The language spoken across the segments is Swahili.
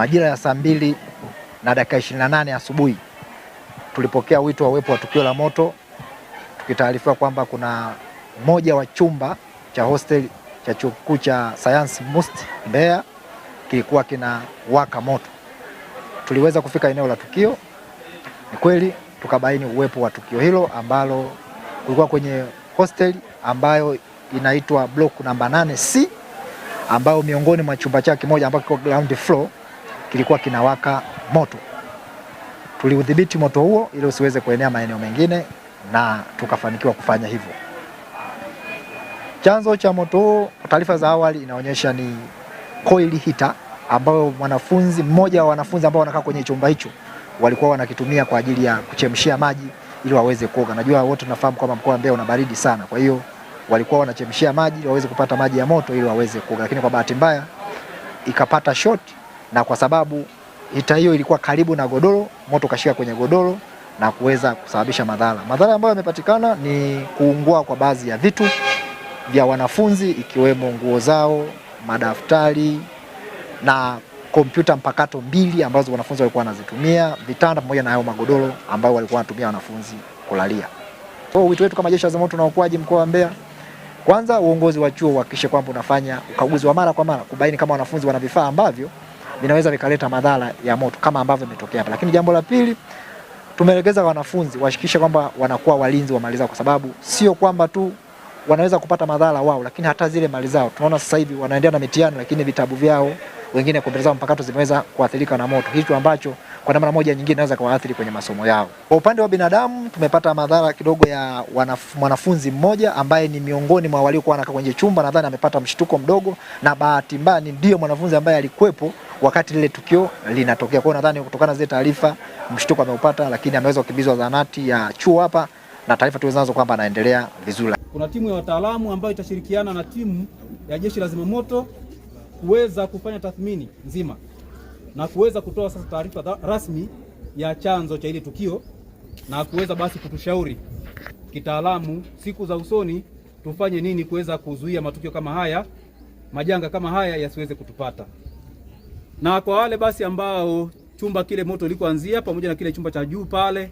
Majira ya saa mbili na dakika 28 asubuhi tulipokea wito wa uwepo wa tukio la moto, tukitaarifiwa kwamba kuna mmoja wa chumba cha hostel cha chuo kikuu cha Sayansi MUST Mbeya kilikuwa kina waka moto. Tuliweza kufika eneo la tukio, ni kweli tukabaini uwepo wa tukio hilo ambalo kulikuwa kwenye hostel ambayo inaitwa block namba 8C ambayo miongoni mwa chumba chake kimoja ambacho kiko ground floor kilikuwa kinawaka moto. Tuliudhibiti moto huo ili usiweze kuenea maeneo mengine na tukafanikiwa kufanya hivyo. Chanzo cha moto huo, taarifa za awali inaonyesha ni coil heater ambayo mwanafunzi mmoja wa wanafunzi ambao wanakaa kwenye chumba hicho walikuwa wanakitumia kwa ajili ya kuchemshia maji ili waweze kuoga. Najua wote tunafahamu kwamba mkoa wa Mbeya una baridi sana, kwa hiyo walikuwa wanachemshia maji ili waweze kupata maji ya moto ili waweze kuoga, lakini kwa bahati mbaya ikapata shoti na kwa sababu hita hiyo ilikuwa karibu na godoro, moto ukashika kwenye godoro na kuweza kusababisha madhara. Madhara ambayo yamepatikana ni kuungua kwa baadhi ya vitu vya wanafunzi ikiwemo nguo zao, madaftari na kompyuta mpakato mbili ambazo wanafunzi walikuwa wanazitumia, vitanda pamoja na hayo magodoro ambayo walikuwa wanatumia wanafunzi kulalia. Kwa hiyo wito wetu kama Jeshi la Zimamoto na Uokoaji mkoa wa Mbeya, kwanza uongozi wa chuo uhakikishe kwamba unafanya ukaguzi wa mara kwa mara kubaini kama wanafunzi wana vifaa ambavyo vinaweza vikaleta madhara ya moto kama ambavyo imetokea hapa. Lakini jambo la pili tumeelekeza wanafunzi wahakikishe kwamba wanakuwa walinzi wa mali zao, kwa sababu sio kwamba tu wanaweza kupata madhara wao, lakini hata zile mali zao. Tunaona sasa hivi wanaendelea na mitihani, lakini vitabu vyao wengine kompyuta zao mpakato zimeweza kuathirika na moto, hicho ambacho kwa namna moja nyingine inaweza kuathiri kwenye masomo yao. Kwa upande wa binadamu tumepata madhara kidogo ya mwanafunzi mmoja ambaye ni miongoni mwa waliokuwa anakaa kwenye chumba, nadhani amepata mshtuko mdogo, na bahati mbaya ni ndio mwanafunzi ambaye alikuwepo wakati lile tukio linatokea. Kwa hiyo nadhani kutokana na zile taarifa mshtuko ameupata, lakini ameweza kukimbizwa zahanati ya chuo hapa na taarifa tulizonazo kwamba anaendelea vizuri. Kuna timu ya wataalamu ambayo itashirikiana na timu ya jeshi la zimamoto kuweza kufanya tathmini nzima na kuweza kutoa sasa taarifa rasmi ya chanzo cha ile tukio na kuweza basi kutushauri kitaalamu siku za usoni tufanye nini kuweza kuzuia matukio kama haya, majanga kama haya yasiweze kutupata. Na kwa wale basi ambao chumba kile moto ulikoanzia pamoja na kile chumba cha juu pale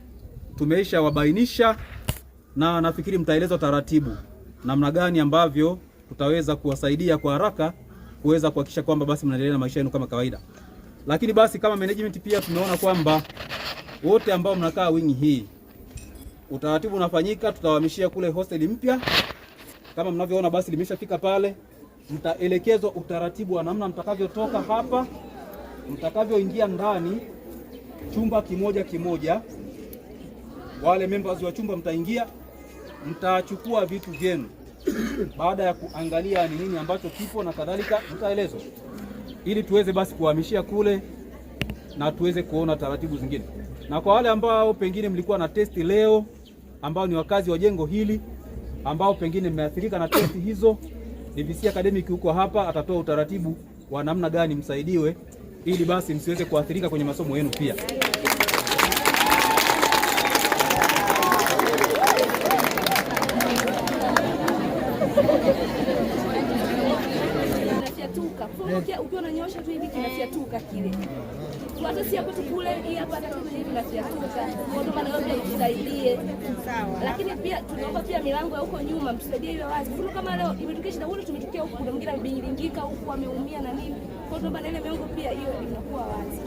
tumeisha wabainisha na nafikiri mtaelezwa taratibu namna gani ambavyo tutaweza kuwasaidia kwa haraka kuweza kuhakikisha kwamba basi mnaendelea na maisha yenu kama kawaida. Lakini basi kama management pia tumeona kwamba wote ambao mnakaa wingi hii, utaratibu unafanyika, tutawahamishia kule hostel mpya. Kama mnavyoona basi limeshafika pale, mtaelekezwa utaratibu wa namna mtakavyotoka hapa, mtakavyoingia ndani chumba kimoja kimoja. Wale members wa chumba mtaingia mtachukua vitu vyenu baada ya kuangalia ni nini ambacho kipo na kadhalika, mtaelezwa ili tuweze basi kuhamishia kule na tuweze kuona taratibu zingine. Na kwa wale ambao pengine mlikuwa na testi leo, ambao ni wakazi wa jengo hili, ambao pengine mmeathirika na testi hizo, DVC Academic huko hapa atatoa utaratibu wa namna gani msaidiwe, ili basi msiweze kuathirika kwenye masomo yenu pia. Eh. kinafyatuka. Kwa ukiwa unanyosha tu hivi kinafyatuka kile. Kwa hata si hapo kule hii hapa hata hivi kinafyatuka. Kwa ndio maana labda itusaidie. Sawa. Lakini pia tunaomba pia milango ya huko nyuma mtusaidie iwe wazi. Kwa kama leo imetokea shida huko tumetokea huko kuna mwingine amebingirika huko ameumia na nini. Kwa ndio maana ile milango pia hiyo inakuwa wazi.